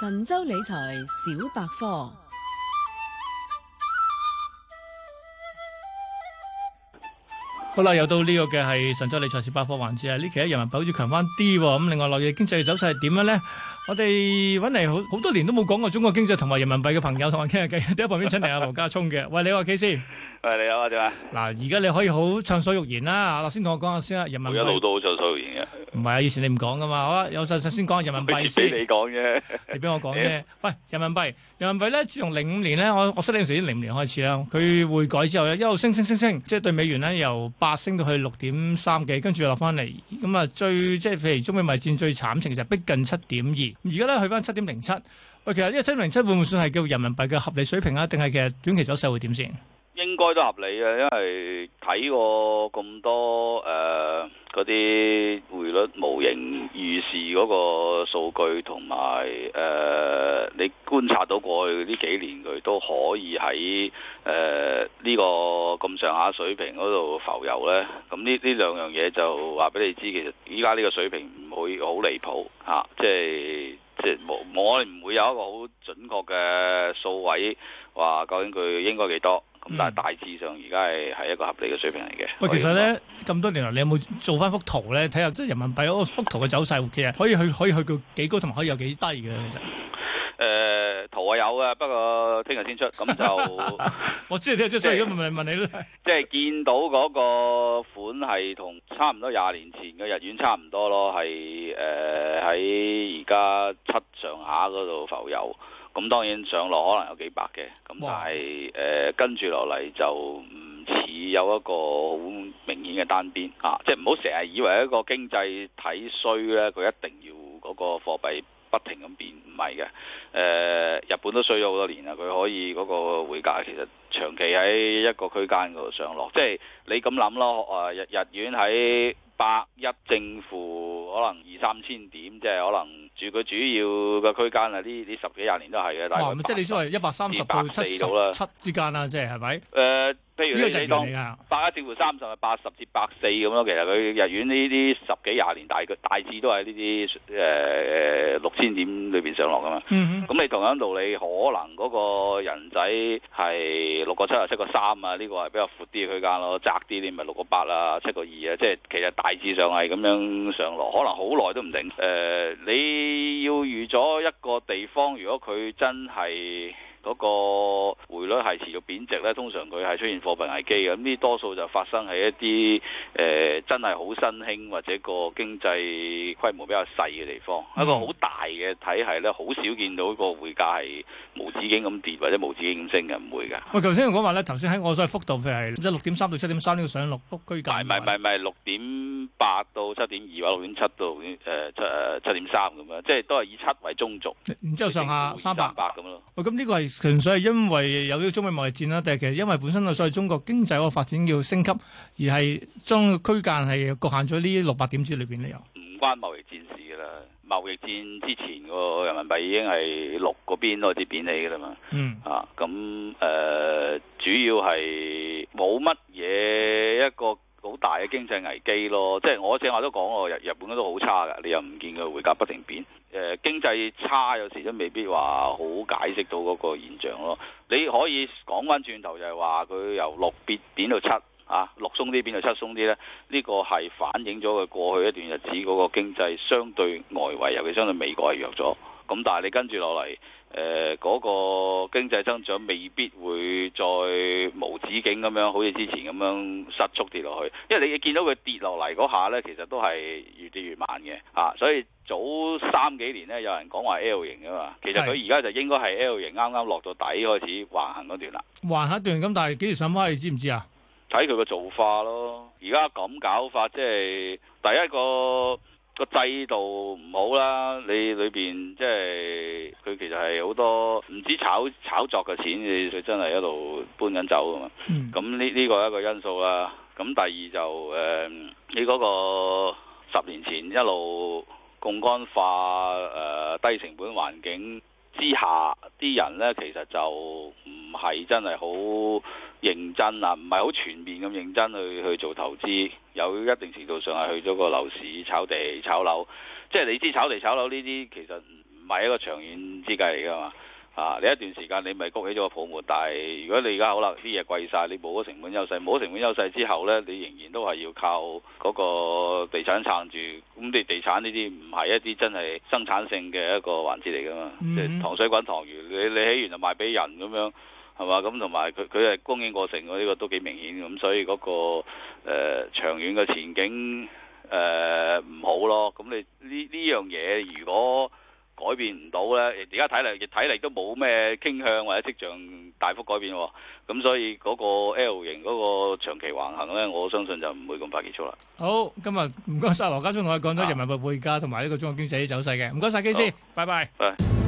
神州理財小百科，好啦，又到呢個嘅係神州理財小百科環節啊！呢期啊，人民幣好似強翻啲喎，咁另外落月經濟走勢係點樣咧？我哋揾嚟好好多年都冇講過中國經濟同埋人民幣嘅朋友同我傾下偈，喺旁邊請嚟阿羅家聰嘅，喂，你話幾先？係你有啊？點啊？嗱，而家你可以好暢所欲言啦。先同我講下先啊，人民幣一路都好暢所欲言嘅。唔係啊，以前你唔講噶嘛。好啦，有想先講下人民幣先。俾你講嘅，你俾我講啫。喂，人民幣，人民幣咧，自從零五年咧，我我識你嗰陣時，零五年開始啦。佢匯改之後咧，一路升升升升，即係對美元咧由八升到去六點三幾，跟住落翻嚟。咁啊，最即係譬如中美貿易戰最慘情，其實就逼近七點二。而家咧去翻七點零七。喂，其實呢個七點零七會唔會算係叫人民幣嘅合理水平啊？定係其實短期走勢會點先？應該都合理嘅，因為睇過咁多誒嗰啲匯率模型預示嗰個數據，同埋誒你觀察到過去呢幾年佢都可以喺誒呢個咁上下水平嗰度浮遊咧。咁呢呢兩樣嘢就話俾你知，其實依家呢個水平唔會好離譜嚇，即係即係冇，我唔會有一個好準確嘅數位話究竟佢應該幾多。嗯、但係大致上，而家係係一個合理嘅水平嚟嘅。喂，其實咧咁多年嚟，你有冇做翻幅圖咧？睇下即係人民幣嗰幅圖嘅走勢，其實可以去可以去到幾高，同埋可以有幾低嘅。其誒、呃，圖係有嘅，不過聽日先出。咁就 我知啊，即即、就是、所以而家咪問問你咯。即係見到嗰個款係同差唔多廿年前嘅日元差唔多咯，係誒喺而家七上下嗰度浮遊。咁當然上落可能有幾百嘅，咁但係誒跟住落嚟就唔似有一個好明顯嘅單邊嚇、啊，即係唔好成日以為一個經濟體衰咧，佢一定要嗰個貨幣不停咁變唔係嘅。誒、呃、日本都衰咗好多年啦，佢可以嗰個匯價其實長期喺一個區間嗰度上落，即係你咁諗咯，誒日日元喺百一正負可能二三千點，即、就、係、是、可能。住佢主要嘅區間啊。呢啲十幾廿年都係嘅，但係即係你所謂一百三十到七七之間啦，即係係咪？誒、呃，譬如呢你，你當百一至三十、八十至百四咁咯。其實佢日圓呢啲十幾廿年大佢大致都係呢啲誒誒六千點裏邊上落㗎嘛。咁你、嗯哼嗯、同樣道理，可能嗰個人仔係六個七啊七個三啊，呢個係比較闊啲嘅區間咯，窄啲啲咪六個八啊七個二啊。8, 2, 即係其實大致上係咁樣上落，可能好耐都唔定。誒、呃，你。要預咗一個地方，如果佢真係嗰個匯率係持續貶值咧，通常佢係出現貨幣危機嘅。咁呢多數就發生喺一啲誒、呃、真係好新興或者個經濟規模比較細嘅地方。一個好大嘅體系咧，好少見到個匯價係無止境咁跌或者無止境咁升嘅，唔會嘅。喂，頭先講話咧，頭先喺我所謂幅度係即六點三到七點三呢個上落區間，唔係唔係唔係六點。八到七點二或六點七到六點七誒七點三咁樣，呃、3，即係都係以七為中軸。然之後上下三百咁咯。喂、哦，咁、嗯、呢、呢個係純粹係因為有啲中美貿易戰啦，定係其實因為本身啊，所以中國經濟嗰個發展要升級，而係將區間係局限咗呢六百點之裏邊嚟啊？唔關貿易戰事啦，貿易戰之前個人民幣已經係六嗰邊開始貶起㗎啦嘛。嗯啊，咁、呃、誒主要係冇乜嘢一個。好大嘅經濟危機咯，即係我正話都講過，日日本都好差㗎，你又唔見佢匯價不停變，誒、呃、經濟差有時都未必話好解釋到嗰個現象咯。你可以講翻轉頭就係話佢由六變變到七啊，六鬆啲變到七鬆啲咧，呢、這個係反映咗佢過去一段日子嗰、那個經濟相對外圍，尤其相對美國係弱咗。咁但係你跟住落嚟，誒、呃、嗰、那個經濟增長未必會再無止境咁樣，好似之前咁樣失速跌落去。因為你見到佢跌落嚟嗰下呢，其實都係越跌越慢嘅嚇、啊。所以早三幾年呢，有人講話 L 型噶嘛，其實佢而家就應該係 L 型啱啱落到底開始橫行嗰段啦。橫行一段咁，但係幾時上翻你知唔知啊？睇佢個造化咯。而家咁搞法，即係第一個。個制度唔好啦，你裏邊即係佢其實係好多唔知炒炒作嘅錢，你佢真係一路搬緊走啊嘛。咁呢呢個一個因素啊。咁、嗯、第二就誒、是，你、嗯、嗰個十年前一路槓桿化誒、呃、低成本環境之下，啲人呢，其實就唔係真係好認。真、mm、啊，唔係好全面咁認真去去做投資，有一定程度上係去咗個樓市炒地炒樓。即係你知炒地炒樓呢啲，其實唔係一個長遠之計嚟噶嘛。啊，你一段時間你咪谷起咗個泡沫，但係如果你而家好啦，啲嘢貴晒，你冇咗成本優勢，冇咗成本優勢之後呢，你仍然都係要靠嗰個地產撐住。咁你地產呢啲唔係一啲真係生產性嘅一個環節嚟噶嘛，即係糖水滾糖漿，你你起完就賣俾人咁樣。係嘛？咁同埋佢佢係供應過程我呢、這個都幾明顯。咁、嗯、所以嗰、那個誒、呃、長遠嘅前景誒唔、呃、好咯。咁、嗯、你呢呢樣嘢如果改變唔到咧，而家睇嚟，而睇嚟都冇咩傾向或者跡象大幅改變喎。咁、嗯、所以嗰個 L 型嗰個長期橫行咧，我相信就唔會咁快結束啦。好，今日唔該晒羅家聰，我哋講咗人民幣匯價同埋呢個中國經濟走勢嘅。唔該曬，機師好，拜拜。拜拜。